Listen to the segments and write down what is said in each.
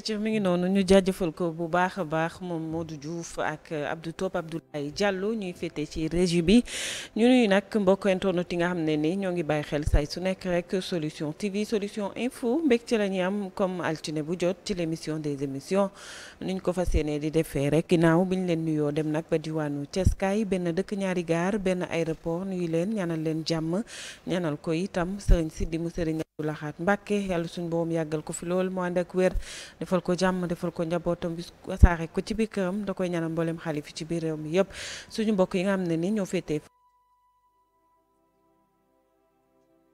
ayca mi ngi noonu ñu jaajëfal ko bu baax a baax moom Modou juuf ak Abdou Top Abdoulaye Diallo ñuy féetee ci régie bi ñu nuyu nag mbokk internet yi nga xam ne ni ñoo ngi bàyyi xel say su nekk rek solution TV solution info mbégte la ñuy am comme altine bu jot ci l' émission des émissions nuñ ko fa seenee di defee rek ginnaaw bi ñu leen nuyoo dem nag ba diwaanu Ceskaay benn dëkk ñaari gaar benn aéroport nuyu leen ñaanal leen jàmm ñanal ko itam sëriñ si mu sëriñ Laxaat Mbàkke yàlla suñ boobam yàggal ko fi loolu moo ànd ak wér defal ko jàmm defal ko njabootam bi wasaare ko ci biir këram da koy ñaanal mboolem xalif ci biir réew mi yëpp suñu mbokk yi nga xam ne ni ñoo féetee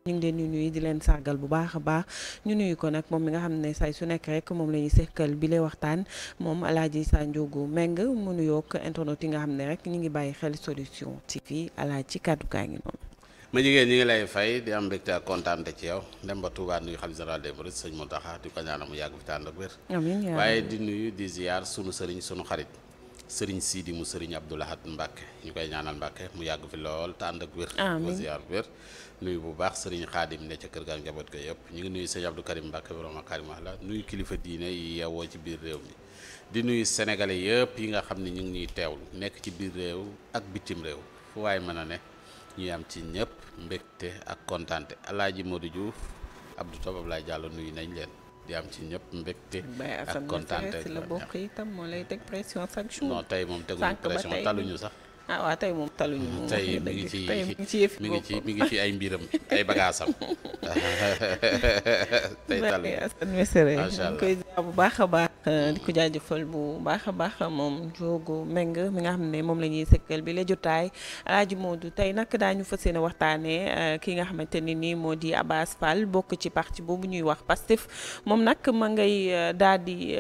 ngi leen ñu nuyu di leen sargal bu baax a baax ñu nuyu ko nag moom mi nga xam ne say su nekk rek moom la ñuy sekkal bi lay waxtaan moom alaaji sa njogu meng mu nuyoog internet yi nga xam ne rek ñu ngi bàyyi xel solution TV alaaji kàddu gaa ngi noonu ma jigéen ñi ngi lay fay di am mbégte ak kontaante ci yow dem ba Touba nuyu xalifa général des mourides sëñ Mountakha di ko ñaanal mu yàgg fi waaye di nuyu di ziar sunu sëriñ sunu xarit sëriñ Sidi mu sëriñ Abdou Lahad Mbacke ñu koy ñaanal Mbacke mu yàgg fi lool tànd ak bu baax sëriñ Xaadim ne ca kër ga njaboot ko yëpp ñu ngi nuyu sëñ Abdou Karim Mbacke borom Karim wax la nuyu kilifa diine yi ci biir réew di nuyu sénégalais yëpp yi nga xam ne ñu ngi ñuy teewlu nekk ci biir réew ak bitim réew fu waaye mën a ne ñuy am ci ñëpp mbégte ak kontaante alaaji Modou Diouf Abdou Top Abdoulaye Diallo nuyu nañ leen di am ci ñëpp mbégte ak kontaante la bokk itam moo lay teg pression chaque jour tey moom teguñu pression ñu sax ah waaw tey moom taluñu moom tey mi ngi ci mi ngi ci mi ngi ci ay mbiram ay bagaasam tey taluñu macha allah bu baax a baax euh, di ko jaajëfal bu baax a baax moom joogo Meng mi nga xam ne moom la ñuy sëkkal bi la jotaay Alaaji Modou tey nag daañu fas yéene waxtaanee euh, ki nga xamante ni nii moo di Abass Fall bokk ci parti boobu ñuy wax Pastef moom nag ma ngay euh, daal di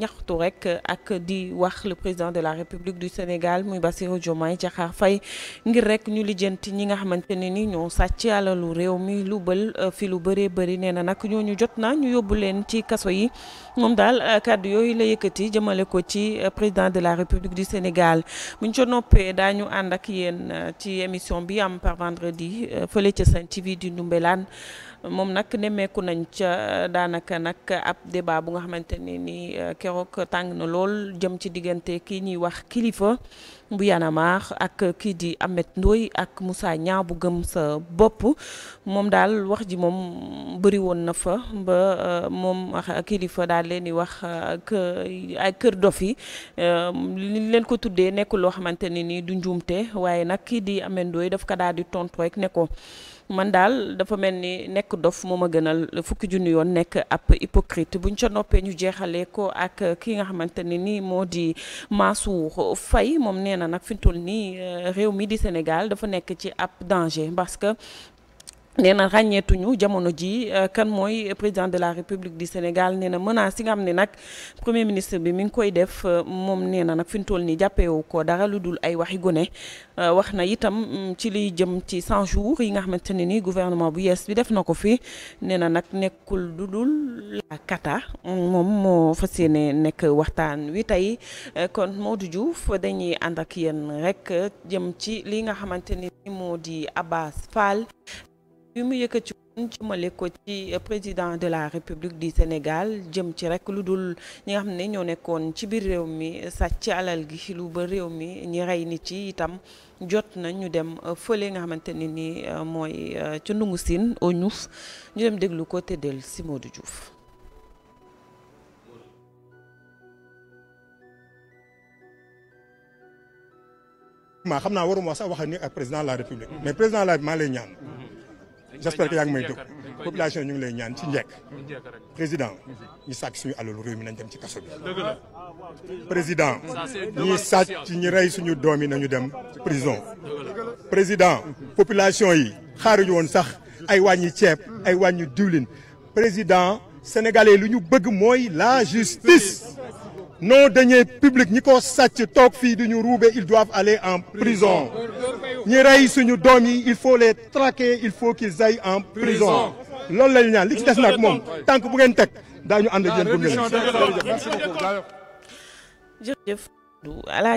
ñaxtu rek ak di wax lu président de la République du Sénégal muy Bassirou Diomaye Diakhar fay ngir rek ñu lijjanti ñi nga xamante ne ni ñoo sàcc lu réew mi lu bël fi lu bëree bëri nee na nag ñooñu jot na ñu yóbbu leen ci kaso yi. moom daal euh, kàddu yooyu la yëkkati jëmale ko ci euh, président de la république du Sénégal bu ñu ca noppee daañu ànd ak yéen euh, ci émission bi am par vendredi fële ca Sen TV di Ndoumbelane moom nag nemmeeku nañ ca euh, daanaka nag ab débat bu nga xamante ne nii euh, keroog tàng na lool jëm ci diggante kii ñuy wax kilifa bu yanamaax ak kii di Ahmed Ndoye ak Moussa Niang bu gëm sa bopp moom daal wax ji moom bëri woon na fa ba euh, moom kilifa daal leen di wax que kër dof yi li leen ko tuddee nekkul loo xamante ne ni du njuumte waaye nag kii di Ahmed Ndoye daf ko daal di tontu rek ne ko man daal dafa mel ni nekk dof moo ma gënal fukki junni yoon nekk ab hypocrite buñ ca noppee ñu jeexalee ko ak ki nga xamante ne nii moo di Mansour fay moom nee na nag fi mu toll nii euh, réew mi di Sénégal dafa nekk ci ab danger parce que nee na ràññeetuñu jamono ji euh, kan mooy président de la république di Sénégal nee na menace yi nga xam ne nag premier ministre bi mi ngi koy def euh, moom nee na nag toll nii jàppeewu ko dara lu dul ay waxi gone euh, wax na itam mm, ci liy jëm ci 100 jours yi nga xamante ne ni gouvernement bu yees bi def na ko fi nee na nag nekkul lu dul la kata mm, moom moo fa yéene nekk waxtaan wi tey kon Modou Diouf dañuy ànd ak yéen rek jëm ci li nga xamante ni moo di Abbas Fall. bi mu yëkkati jëmale ko ci président de la république di Sénégal jëm ci rek lu dul ñi nga xam ne ñoo nekkoon ci biir réew mi sàcc alal gi lu ba réew mi ñi rey nit yi itam jot na ñu dem fële nga xamante ne ni euh, mooy euh, ca Ndungu Sine au Ñuuf ñu dem déglu ko tëddeel si Modou Diouf. maa xam naa waruma sax wax ni ak président de la république. mais président de la maa lay ñaan. j'espère que yaa ngi may dégg population ñu ngi lay ñaan ci njekk président ñu sàcc suñu alalu réew mi nañ dem ci kaso bi président ñi sàcc ci ñi rey suñu doom yi nañu dem prison président population yi xaaruñu woon sax ay wàññi ceeb ay wàññi diwlin président sénégalais lu ñu bëgg mooy la justice nos deniers publics ñi ko sàcc toog fii du ñu ruube ils doivent aller en prison ñi rey suñu doom yi il faut les traquer il faut qu'ils aillent en prison loolu la ñaan li ci des nag moom tànk bu ngeen teg daañu ànd ak yéen bu jërëjëf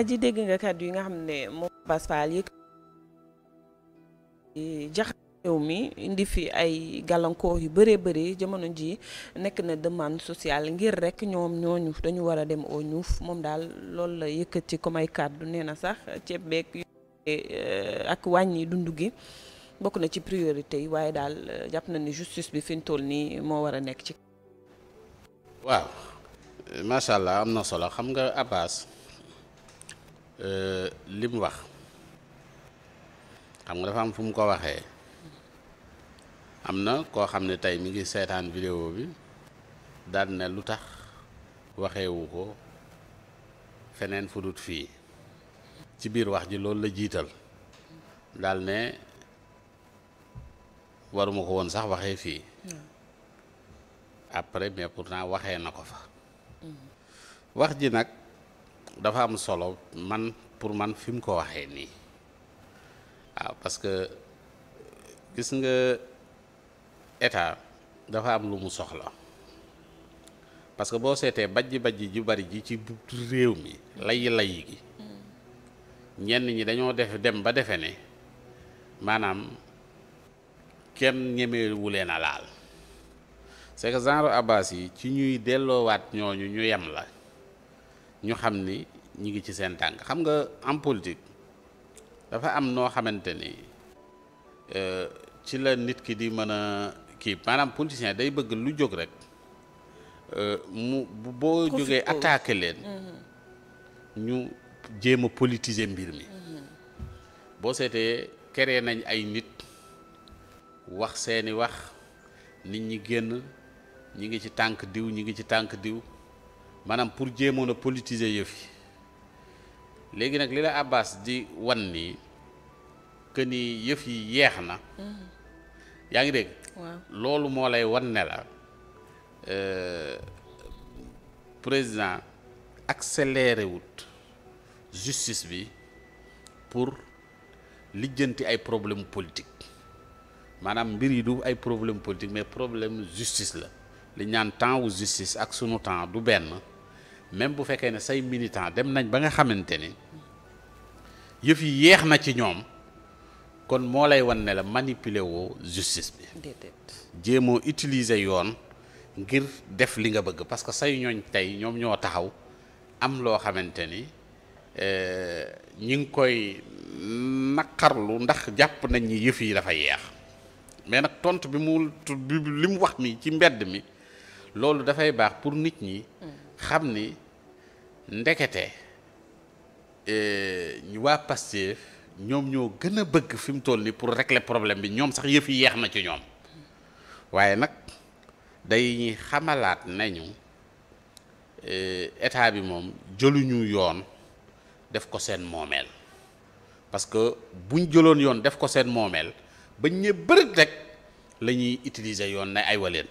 ji dégg nga kàddu yi nga xam ne moom Bass Fall yi réew mi indi fi ay gàllankoor yu bëree bëri jamono ji nekk na demande sociale ngir rek ñoom ñooñu dañu war a dem au ñuuf moom daal loolu la yëkkati comme ay kàddu nee na sax ceeb beeg eh, ak wàññi dund gi bokk na ci priorité yi waaye daal eh, jàpp na ni justice bi fi ñu toll nii moo war a nekk ci. waaw macha allah am na solo xam nga Abbas eh, li wax xam nga dafa am fu mu ko waxee. am na koo xam ne tey mi ngi seetaan vidéo bi daal ne lu tax waxewu ko feneen fu fii ci biir wax ji loolu la jiital daal ne waruma ko woon sax waxee fii après mais pourtant waxee na ko fa wax ji nag dafa am solo man pour man fim ko waxee nii waaw ah, parce gis nga état dafa am lu mu soxla parce que boo seetee bajji bajji ju bari ji ci réew mi layi lay gi ñenn ñi dañoo def dem ba defe ne maanaam kenn ñemewu leen a laal c'est que genre abbas yi ci ñuy delloowaat ñooñu ñu yem la ñu xam ni ñu ngi ci seen tànk xam nga en politique dafa am noo xamante ni euh, ci la nit ki di mën a kii maanaam politicien day bëgg lu jóg rek euh, mu boo jógee attaqué leen mm-hmm. ñu jéem a politiser mbir mi mm-hmm. boo seetee créé nañ ay nit wax seeni wax nit ñi génn ñi ngi ci tànk diw ñi ngi ci tànk diw maanaam pour jéemoon a politiser yëf yi léegi nag li la Abbas di wan nii que ni yëf yi yeex na mm-hmm. yaa ngi dégg loolu moo lay wan ne la euh, président accéléré wut justice bi pour lijjanti ay problème politique maanaam mbir yi du ay problème politique mais problème justice la li ñaan temps wu justice ak sunu temps du benn même bu fekkee ne say militant dem nañ ba nga xamante ni yëf yi yéex na ci ñoom kon moo lay wan ne la manipuler woo justice bi. déedéet jéemoo utiliser yoon ngir def li nga bëgg parce que say ñooñ tey ñoom ñoo taxaw am loo xamante ni euh, ñi ngi koy naqarlu ndax jàpp nañ ni yëf yi dafa yeex mais nag tontu bi mu li mu wax nii ci mbedd mi loolu dafay baax pour nit ñi. xam ni ndekete euh, waa Pastef. ñoom ñoo gën a bëgg fi mu toll nii pour régler problème bi ñoom sax yëf yi yeex na ci ñoom waaye nag day xamalaat nañu eh, état bi moom jëluñu yoon def ko seen moomeel parce que buñ jëloon yoon def ko seen moomeel ba ñe bërëg rek la ñuy utiliser yoon ne ay waleen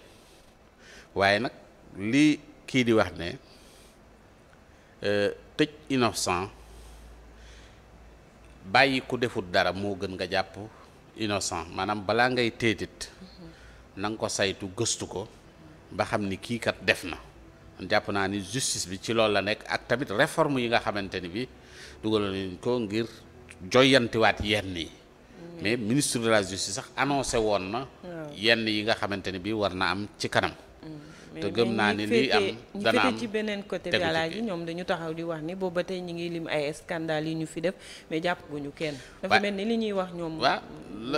waaye nag li kii di wax ne eh, tëj innocent bàyyi ku defut dara moo gën nga jàpp innocent maanaam balaa ngay téetit na nga ko saytu gëstu ko ba xam ni kii kat def na jàpp naa ni justice bi ci loolu la nekk ak tamit réforme yi nga xamante ni bi dugaloon nañ ko ngir joyantiwaat yenn yi mais ministre de la justice sax annoncé woon na hmm. yenn yi nga xamante ni bi war na am ci kanam hmm. te gëm naa ni lii am dana am ci beneen côté bi alaaji ñoom dañu taxaw di wax ni booba tey ñi ngi lim ay scandale yi ñu fi def mais jàpp guñu kenn dafa mel ni li ñuy wax ñoom waaw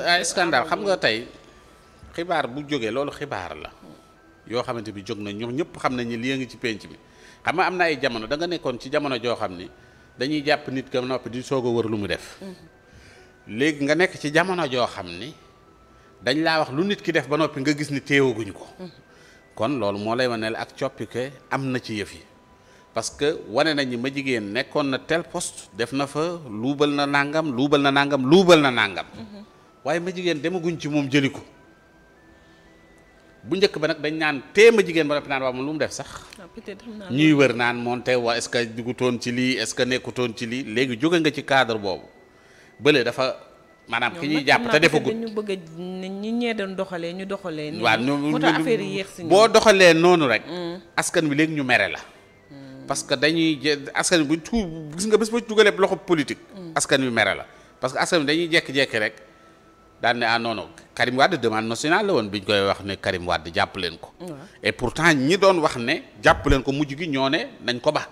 ay scandale xam nga tey xibaar bu jógee loolu xibaar la yoo xamante bi jóg na ñoom ñëpp xam nañu lii a ngi ci penc bi xam nga am na ay jamono da nga nekkoon ci jamono joo xam ni dañuy jàpp nit ka noppi di soog a wër lu mu def mm-hmm. léegi nga nekk ci jamono joo xam ni dañ laa wax lu nit ki def ba noppi nga gis ni téewaguñ ko mm-hmm. kon loolu moo lay wane ak coppite am na ci yëf yi parce que wane nañu ma jigéen nekkoon na tel poste def na fa luubal na nangam luubal na nangam luubal na nangam. Mm-hmm. waaye ma jigéen demaguñ ci moom jëli ko bu njëkk ba nag dañ naan tee ma jigéen ba noppi naan waaw moom lu mu def sax. Ah, ñuy wër naan moonte waa est-ce que ci lii est-ce que nekkutoon ci lii léegi jóge nga ci cadre boobu bële dafa. maanaam ki ñuy jàpp te defagut ñu bëgg ñi ñee doon doxalee ñu doxalee. waaw ñu mu tax affaire boo doxalee noonu rek. Mm. askan wi léegi ñu mere la. Mm. parce que dañuy je askan bu tu gis nga bés ba dugalee loxo politique. Mm. askan wi mere la parce que askan wi dañuy jékki-jékki rek daan ne ah non non Karim Wade demande nationale la woon bi ñu koy wax ne Karim Wade jàpp leen ko. et pourtant ñi doon wax ne jàpp leen ko mujj gi ñoo ne nañ ko ba.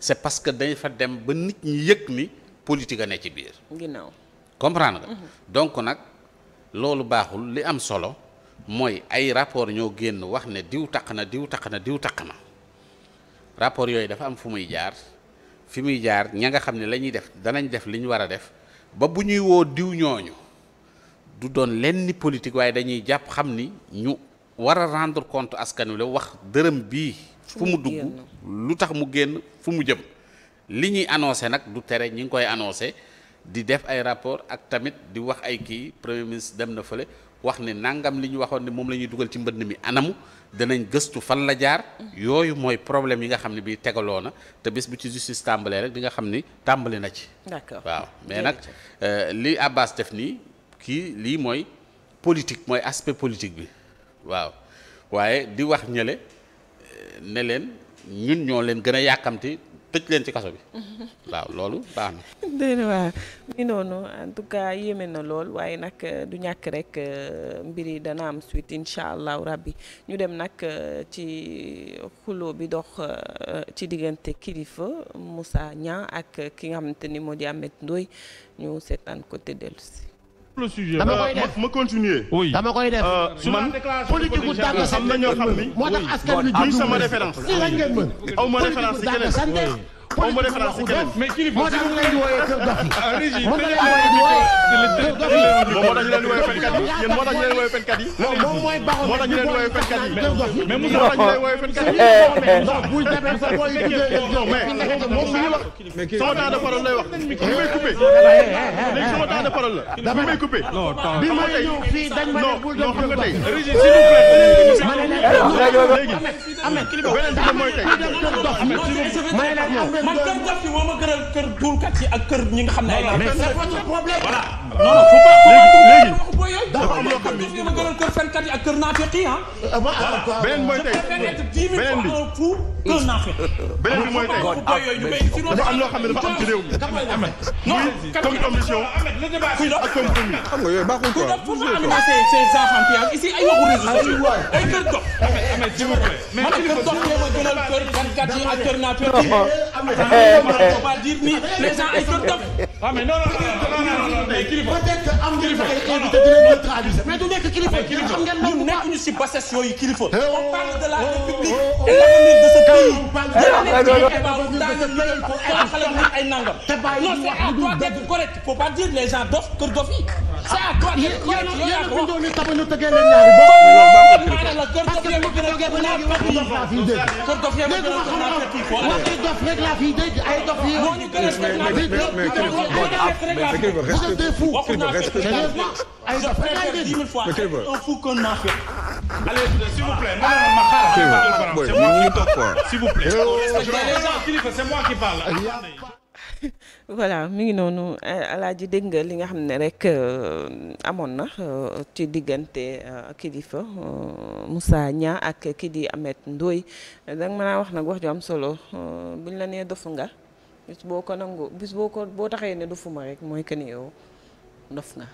c'est parce que dañ fa dem ba nit ñi yëg ni politique a ne ci biir. ginnaaw. comprendre nga. Mhm. donc nag loolu baaxul li am solo mooy ay rapport ñoo génn wax ne diw taq na diw taq na diw taq na rapport yooyu dafa am fu muy jaar fi muy jaar ña nga xam ne lañuy def danañ def li ñu war a def ba bu ñuy woo diw ñooñu du doon lenn politique waaye dañuy jàpp xam ni ñu war a rendre compte askan wi la wax dërëm bii fu mu dugg lu tax mu génn fu mu jëm li ñuy annoncé nag du tere ñu ngi koy annoncé di def ay rapport ak tamit di wax ay kii premier ministre dem na fële wax ne nangam li ñu waxoon ne moom la ñuy dugal ci mbënd mi anamu danañ gëstu fan la jaar yooyu mooy problème yi nga xam ne bii tegaloo na te bis bu ci justice tàmbalee rek di nga xam ni tàmbali na ci waaw mais nag euh, li Abbas def nii kii lii mooy politique mooy aspect politique bi waaw waaye di wax ñële euh, ne leen ñun ñoo leen gën a yàkkamte tëj leen ci kaso bi waaw loolu baax na. mi noonu en yéeme na lool waaye nag euh, du ñàkk rek euh, mbir yi dana am suite incha allahu rabbi ñu dem nag euh, ci xuloo bi dox ci diggante kilifa Moussa ñaa ak ki nga xamante ni moo di Ameth Ndoye ñu seetaan ko te dellusi le sujet dama koy euh, def ma continuer. oui dama koy def. Euh, man politique gu dàgg sant am na ñoo xam ni. moo tax askan wi sama référence. si lan ngeen mën. aw ma référence si keneen moom mooy référence si keneen mais kilifa moo tax ñu leen di wooyee kër dof yi. moom moo tax ñu leen di wooyee fenkat yi yéen moo tax ñu leen di wooyee fenkat yi. moom mooy baxoon moo tax ñu leen di wooyee fenkat yi. mais mu tax ñu leen di wooyee fenkat yi. ndax buy demee sa booy yi non mais moom mi ngi wax sama temps de parole lay wax bi may coupé léegi sama temps de parole la bi may coupé. bi ma ñëw fii dañ ma ne bul dem xam nga tey. léegi beneen bi mooy tey. man kër jàpp ci moo ma gënal kër duulkat yi ak kër ñi nga xam ne ay. mais c'est votre problème. voilà non non dafa am loo xam ne ma gënal kër fenkat yi ak kër naafeq yi ah. ah beneen mooy tey beneen bi beneen bi mooy tey dafa am loo xam ne dafa am ci réew mi. non comme commission ak compromis. xam nga yooyu baaxul quoi. pour nga animer ces ces enfants ici ay waxu réseau ah, ay kër dox. man kër dox moo ma gënal kër fenkat yi ak kër naafeq yi les gens ay tonton. waaw mais non non non mais kilifa. peut-être am ngeen ay invité di leen neutraliser. mais du nekk kilifa xam ngeen ñun nekkuñu si bassesse yooyu kilifa. on parle de la république et l'avenir de ce pays. ay nangam. non c'est à toi d'être correct faut pas dire les gens dof kër dof yi. ah kon yéen a bindoo ni tabañu tëggee leen ñaari bopp. parce que bu waxi dof rek laa fiy dégg ay dof yi. vous êtes des fous. ay dof rek laay dégg. un fou qu'on a fait. allez s'il vous plaît. ma xaaral. s'il vous plaît. c'est moi qui parle. voilà mi ngi noonu eh, Alaaji dégg nga li nga xam ne rek euh, amoon na euh, ci diggante euh, kii di fa Moussa ak kii di Ameth Ndoye danga ma a wax nag wax ju am solo buñ la nee dof nga bis boo ko nangu bis boo ko boo taxee ne ma rek mooy que ni yow dof nga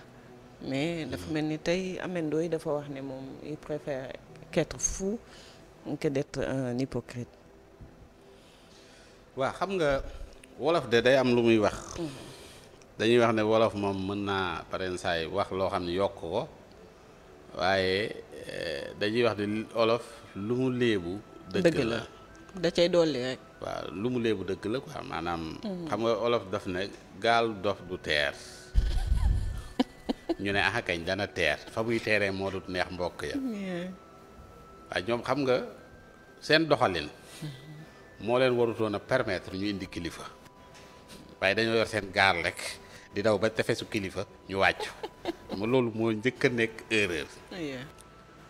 mais dafa mel ni tey Ameth Ndoye dafa wax ne moom il préfère qu'être fou que d'être un hypocrite. xam nga. wolof de day am lu muy wax. dañuy wax ne wolof moom mën naa paren saay wax loo xam ne yokk ko waaye eh, dañuy wax ne olof lu mu léebu. dëgg la da cay dolli rek. waaw lu mu léebu dëgg la quoi maanaam. Hmm. xam nga olof daf ne gaal dox du teer. ñu ne ah dana teer fa muy teeree moo dut neex mbokk ya. waaye ñoom xam nga seen doxalin. Hmm. moo leen warutoon a permettre ñu indi kilifa. waaye dañoo yor seen gaar rek di daw ba tefesu kilifa ñu wàcc ma loolu moo njëkk a nekk erreur.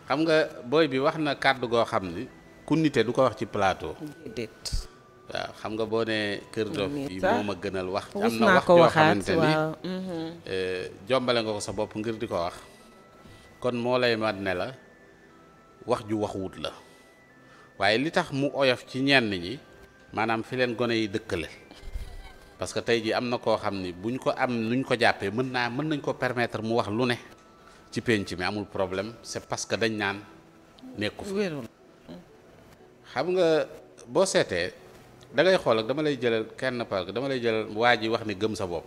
xam nga booy bi wax na kàddu goo xam ni ku nite du ko wax ci plateau. déedéet. waaw xam nga boo ne Kër Dof yi moom a gënal wax. am na wax yoo xamante ni mm-hmm. eh, sa bopp ngir di ko wax. kon moo la wax ju waxuwut la waaye li tax mu oyof ci ñenn ñi maanaam fi leen gone yi dëkkale. parce que tey jii am na koo xam ni buñ ko am nuñ ko jàppee mën naa mën nañ ko permettre mu wax lu ne ci pénc mi amul problème c'est parce que dañ naan nekku fa xam nga boo seetee dangay xool ak dama lay jëlal kenn parce dama lay jëlal waa ji wax ni gëm sa bopp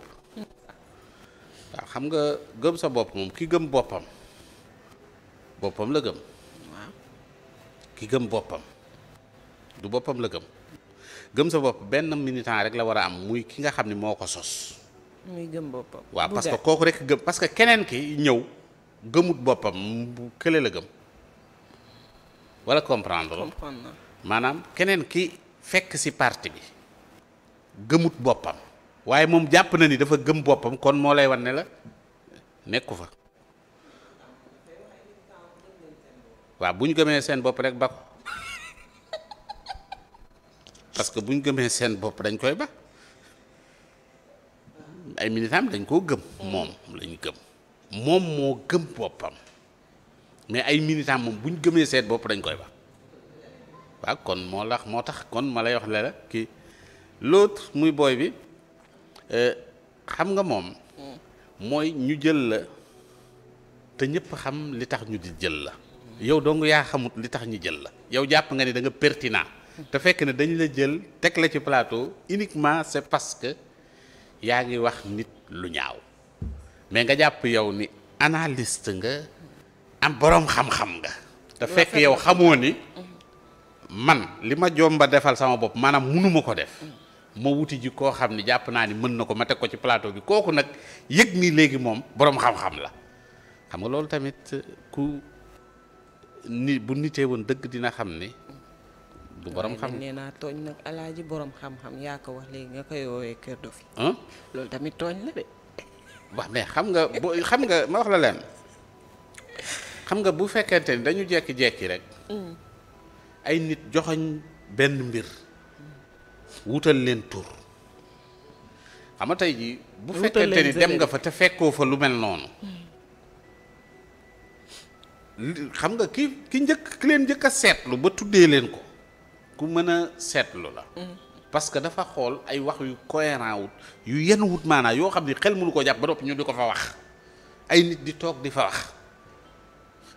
waaw xam nga gëm sa bopp moom ki gëm boppam boppam la gëm ki gëm boppam du boppam la gëm gëm sa bopp benn militant rek la war a am muy ki nga xam ni moo ko sos. muy waaw parce que kooku rek gëm parce que keneen ki ñëw gëmut boppam bu kële la gëm wala comprendre. comprendre maanaam keneen ki fekk si parti bi gëmut boppam. waaye moom jàpp na ni dafa gëm boppam kon moo lay wan ne la nekku fa waaw bu ñu gëmee seen bopp rek ba ko parce que bu ñu gëmee seen bopp dañ koy ba ay militants dañ koo gëm moom lañu gëm moom moo gëm boppam mais ay militants moom buñ gëmee seen bopp dañ koy ba waaw kon moo lax moo tax kon ma lay wax ne la kii lot muy booy bi euh, xam nga moom mooy ñu jël la te ñëpp xam li tax ñu di jël la yow dong yaa xamut li tax ñu jël la yow jàpp nga ni da pertinant te fekk ne dañu la jël teg la ci plateau uniquement c'est parce que yaa ngi wax nit lu ñaaw mais nga jàpp yow ni analist nga am boroom xam-xam nga te fekk yow xamoo ni man li ma jomba defal sama bopp maanaam munuma ko def mm. ma wuti ji koo xam ni jàpp naa ni mën na ko ma teg ko ci plateau bi kooku nag yëg ni léegi moom boroom xam-xam la xam nga loolu tamit ku ni bu nitee woon dëgg dina xam ni du xam nee naa tooñ nag alaaji borom xam-xam wax léegi nga koy woowee kër dof loolu tamit tooñ la de. waaw mais xam nga xam nga ma wax la leen xam nga bu fekkente ni dañu jekki-jekki rek. Mm. ay nit joxoñ benn mbir. wutal leen tur. xam nga tey jii. bu fekkente ni dem nga fa te fekkoo fa lu mel noonu. Mm. xam nga ki ki njëkk ki leen njëkk a seetlu ba tuddee leen ko. ku mën a seetlu la. Mm. parce que dafa xool ay wax yu cohérent wut yu yenn wut maanaa yoo xam ni xel mënu ko jàpp ba noppi ñu ko fa wax ay nit di toog di fa wax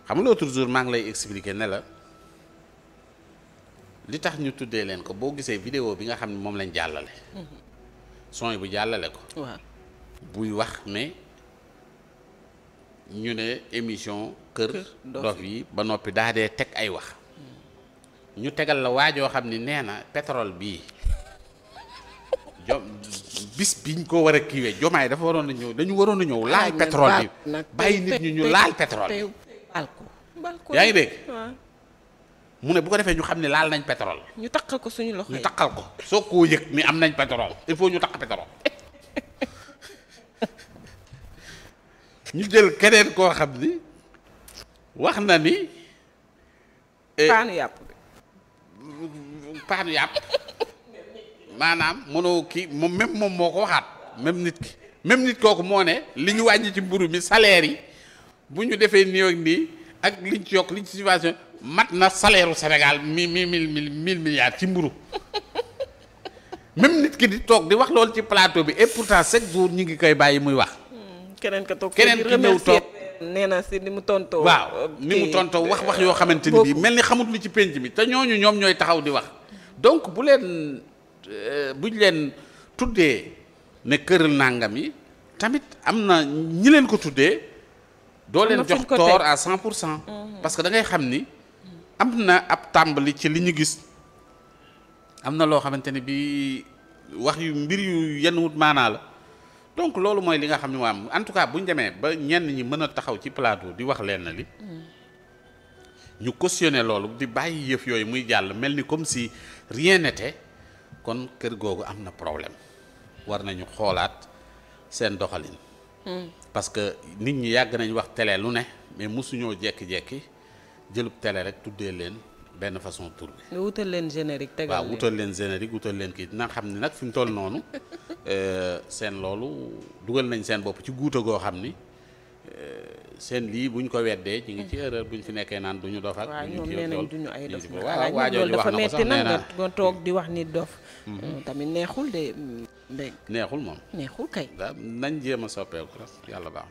maa ngi lay expliquer ne la li tax ñu tuddee leen ko boo gisee vidéo bi nga xam ne moom lañ jàllale. Mm-hmm. bu jàllale ko. wax ne ne émission. kër dof yi ba noppi daa teg ay wax. ñu tegal la waajoo xam ni nee na pétrole bii jo bis biñ ko war a kiiwee jomaay dafa waroon na ñëw dañu waroon a ñëw laal pétrole bàyyi nit ñu ñu laal pétrole bi yaa ngi dégg mu ne bu ko defee ñu xam ne laal nañ pétrole ñu taqal ko suñu loxo ñu taqal ko soo koo yëg ni am nañ pétrole il faut ñu taq pétrole ñu jël keneen koo xam ni wax na ni paanu eh, yàpp paanu yàpp maanaam mënoo kii moom même moom moo ko waxaat même nit ki même nit kooku moo ne li ñu wàññi ci mburu mi salaire yi bu ñu defee nii ak ak liñ ci yokk liñ ci mat na salaire u Sénégal mi mi mille mille milliards ci mburu même nit ki di toog di wax loolu ci plateau bi et pourtant chaque jour ñu ngi koy bàyyi muy wax. Hmm, keneen ka toog keneen ki toog. nee na si ni mu tontoo. waaw ni mu tontoo wax wax yoo xamante ni bii mel ni xamut lu ci pénc mi te ñooñu ñoom ñooy taxaw di wax donc bu leen euh, buñ leen tuddee ne kër nàngam yi tamit am na ñi leen ko tuddee. doo leen jox tort à cent pour cent. Mm-hmm. parce que da ngay xam ni am na ab tàmbali ci li ñu gis am na loo xamante ni bii wax yu mbir yu yenn wut maanaa la. donc loolu mooy li nga xam ne moo am en tout bu ñu demee ba ñenn ñi mën a taxaw ci plateau di wax leen lenn li ñu cautionné loolu di bàyyi yëf yooyu muy jàll mel ni comme si rien kon kër googu am na problème war nañu xoolaat seen doxalin. Hmm. parce que nit ñi yàgg nañ wax télé lu ne mais mosuñoo jekki-jekki jëlub télé rek tuddee leen. benn façon tur bi. nga wutal leen générique tegal leen waaw wutal leen générique wutal leen kii dina xam ne nag fi mu toll noonu euh, seen loolu dugal nañ seen bopp ci guuto goo xam ni euh, seen lii buñ ko weddee ci ngi ci erreur buñ fi nekkee naan duñu dofal. duñu ñoom duñu ay dof ah, waaw waajoo ji wax na ko sax nee na nga toog di wax ni dof. Mhm. Euh, tamit neexul de. neexul moom neexul kay. nañ jéem a soppeeku yàlla baax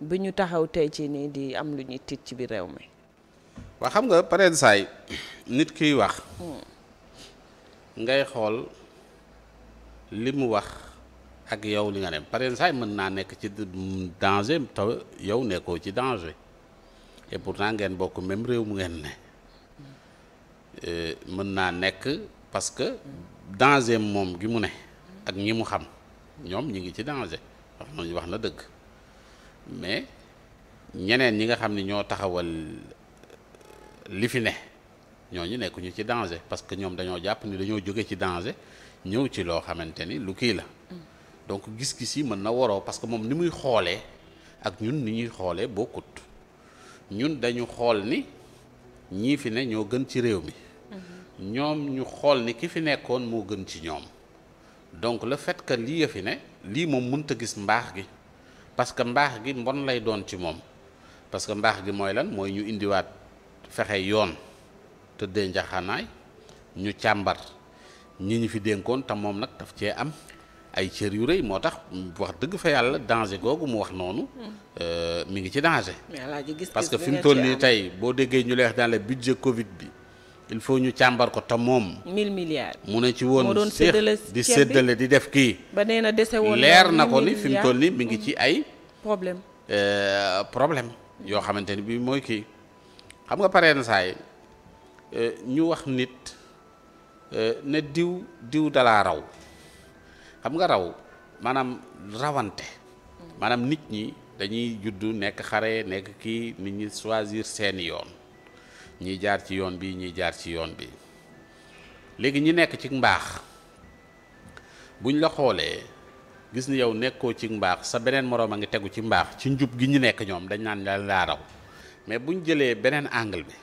bi ñu taxaw tey ci nii di am lu ñuy tiit ci biir réew mi. waa xam nga pare saay nit kiy wax. Hmm. ngay xool li mu wax ak yow li nga dem pare mën naa nekk ci danger te yow nekkoo ci danger pour pourtant ngeen bokk même réew mu ngeen ne euh, mën naa nekk parce que danger moom gi mu ne ak ñi mu xam ñoom ñi ngi ci danger wax nañu wax na dëgg. mais ñeneen ñi nga xam ne ñoo taxawal li fi ne ñooñu nekkuñu ci danger parce que ñoom dañoo jàpp ni dañoo jóge ci danger ñëw ci loo xamante ni lu kii la donc gis-gis yi mën na waroo parce que moom ni muy xoolee ak ñun ni ñuy xoolee bokkut ñun dañu xool ni ñii fi ne ñoo gën ci réew mi ñoom ñu xool ni ki fi nekkoon moo gën ci ñoom donc la fait que lii ya fi ne lii moom mënta gis mbaax gi parce que mbaax gi mbon lay doon ci moom parce que mbaax gi mooy lan mooy ñu indiwaat fexe yoon tëddee njaxanaay ñu càmbar ñi ñu fi dénkoon te moom nag daf cee am ay cër yu rëy moo tax wax dëgg fa yàlla danger googu mu wax noonu. Hmm. Euh, mi ngi ci danger. parce que fi mu toll nii tey boo déggee ñu leex dans le budget Covid bi. il faut ñu càmbar ko te moom. 1000 milliards mu ne ci woon. di séddale di def kii. ba na dese woon leer na ko ni fi mu toll nii mi ngi ci ay. problème euh, problème yoo xamante ni bii mooy kii xam nga pareen saay euh, ñu wax nit euh, ne diw diw dalaa raw xam nga raw maanaam rawante mm. maanaam nit ñi dañuy juddu nekk xare nekk kii nit ñi choisir seeni yoon. ñiy jaar ci yoon bii ñiy jaar ci yoon bi léegi ñi nekk ci mbaax buñ la xoolee gis ni yow nekkoo ci mbaax sa beneen moroom a ngi tegu ci mbaax ci njub gi ñu nekk ñoom dañ naan la laa mais buñ jëlee beneen angle bi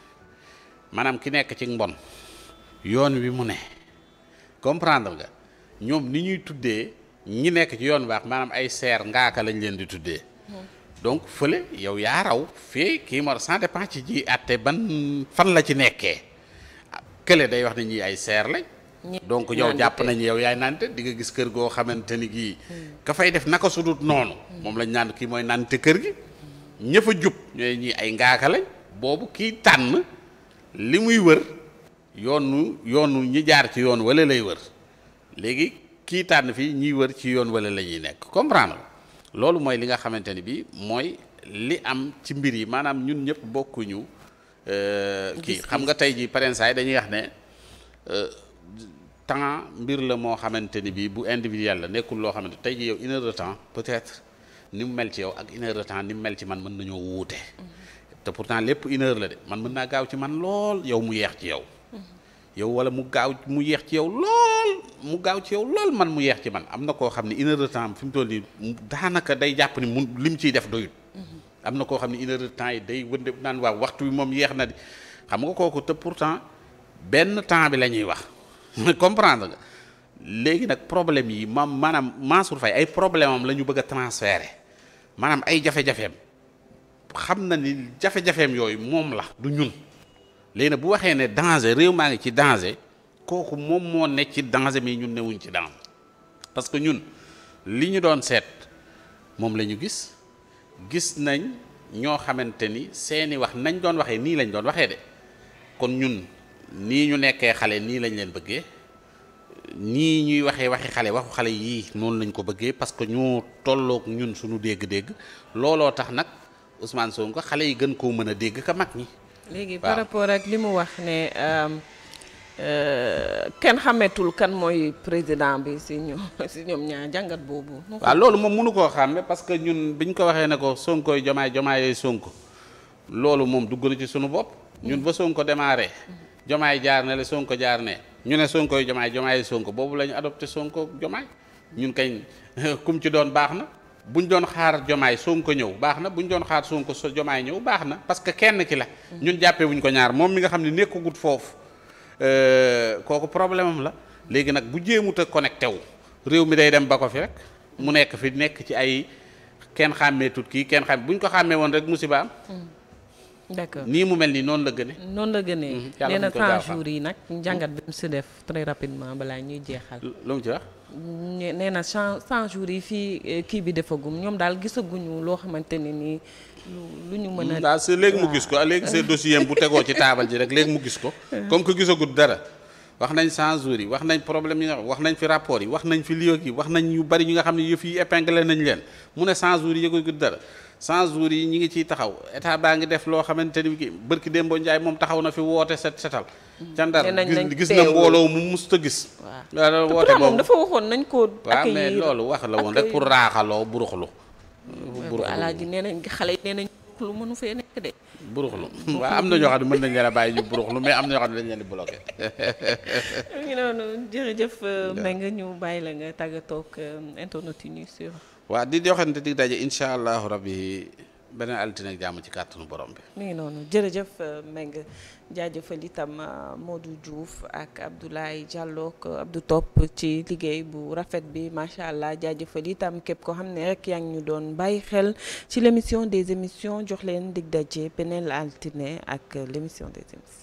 maanaam ki nekk ci mbon yoon wi mu ne comprendre nga ñoom ni ñuy tuddee ñi nekk ci yoon baax maanaam ay seer ngaaka lañ leen di tuddee donc fële yow yaa raw fii kii mar sans dépend ci ji atte ban fan la ci nekkee kële day wax ne ñi ay seer lañ donc yow jàpp nañu yow yaay nante di nga gis kër goo xamante ni gii hmm. ka fay def naka sudut noonu hmm. moom lañ naan kii mooy nante kër gi ña fa jub ñooy ñi ay ngaaka lañ boobu kii tànn li muy wër yoonu yoonu ñi jaar ci yoon wala lay wër léegi kii tànn fii ñiy wër ci yoon wala la ñuy nekk comprendre loolu mooy li nga xamante ni bi mooy li am ci mbir yi maanaam ñun ñëpp bokkuñu euh, kii xam nga tey ji parensaay dañuy wax ne euh, temps mbir la moo xamante ni bi bu individuel la nekkul loo xamante tey ji yow une heure temps peut-être ni mu mel ci yow ak une heure temps ni mu mel ci man mën nañoo wuute mm-hmm. te pourtant lépp une la de man mën naa gaaw ci man lool yow mu yeex ci yow mm-hmm. yow wala mu gaaw mu yeex ci yow lool lool mu gaaw ci yow lool man mu yeex ci man am na koo xam ne une heure de temps fi toll nii daanaka day jàpp ni mun lim ciy def doyut mm-hmm. am na koo xam ne une de temps yi day wënde naan waaw waxtu bi moom yeex na di xam nga kooku te pourtant benn temps bi la ñuy wax comprendre léegi nag problème yi maam maanaam Mansour Faye ay problème am la ñu bëgg a transférer maanaam ay jafe-jafeem xam na ni jafe-jafeem yooyu moom la du ñun léegi nag bu waxee ne danger réew maa ngi ci danger kooku moom moo nekk ci danger mais ñun newuñ ci danger parce que ñun li ñu doon seet moom la ñu gis gis nañ ñoo xamante ni seeni wax nañ doon waxee nii lañ doon waxee de kon ñun nii ñu nekkee xale nii lañ leen bëggee nii ñuy waxee waxi xale waxu xale yii noonu lañ ko bëggee parce que ñoo tolloog ñun suñu dégg-dégg looloo tax nag Ousmane Sonko xale yi gën koo mën a dégg ka mag ñi. léegi ak li mu wax ne. Euh, Euh, kenn xametul kan mooy président bi si ñoom si ñaar jàngat boobu. waaw loolu moom mënu koo xàmme parce que ñun bi ñu ko waxee ne ko sonkooy jomaay jomaayee sonko loolu moom dugg ci suñu bopp. ñun ba sonko démarré. jomaay jaar ne la sonko jaar ne ñu ne sonkooy jomaay jomaayee sonko boobu la adopté sonko jomaay ñun kañ kum ci doon baax na. bu ñu doon xaar jomaay sonko ñëw baax na bu ñu doon xaar sonko jomaay ñëw baax na parce que kenn ki la. ñun jàppee wuñ ko ñaar moom mi nga xam ne nekkagut foofu. Euh, kooku problème am la léegi nag bu jéemut a connecté wu réew mi day dem ba ko fi rek mu nekk fi nekk ci ay kenn xàmmee tut kii kenn xàmmee bu ñu ko xàmmee woon rek musiba am. Hmm. d'accord nii mu mel nii noonu la a noonu la gënee. Hmm, a na 100 jours yi nag njàngat bi mu si def très rapidement balaa ñuy jeexal. lu mu ci wax. nee na 100 jours yi fii eh, kii bi defagum ñoom daal gisaguñu loo xamante ne nii. lu ñu mën a. waaw c' léegi mu gis ko léegi se est bu tegoo ci taabal ji rek léegi mu gis ko. comme que gisagut dara. wax nañ 100 jours yi wax nañ problème yi wax nañ fi rapport yi wax nañ fi lii yi wax nañ yu bari ñi nga xam ne yëf yi épinglé nañ leen mu ne 100 jours yi yëgagut dara 100 jours yi ñu ngi ciy taxaw état baa ngi def loo xamante ni ki bërki Dembo Ndiaye moom taxaw na fi woote set setal. ca Ndar gis na mbooloo mu mus musta gis. waaw woote boobu dafa waxoon nañ ko. accueillir waaw loolu wax la woon rek pour raaxaloo buruxlu burux alaaji nee nañ xale yi nee nañ lu mënu fee nekk de. buruxlu waaw am na ñoo xam ne mën nañ leen a bàyyi ñu buruxlu mais am na ñoo xam ne dañ leen di bloqué. ngi noonu jërëjëf. Euh, nga ñu bàyyi la nga tàggatoo ak euh, internet yi ñuy suivre. waaw di joxante dig daje incha allahu rabbi beneen altine ak jàmm ci kàttanu borom bi. mi ngi noonu jërëjëf euh, Mbengue jaajëfal itam euh, Modou juuf ak Abdoulaye Diallo ak Abdou Top ci liggéey bu rafet bi macha allah jaajëfal itam képp ko xam ne rek yaa ngi ñu doon bàyyi xel ci l' émission des émissions jox leen dig daje beneen altine ak l' émission des émissions.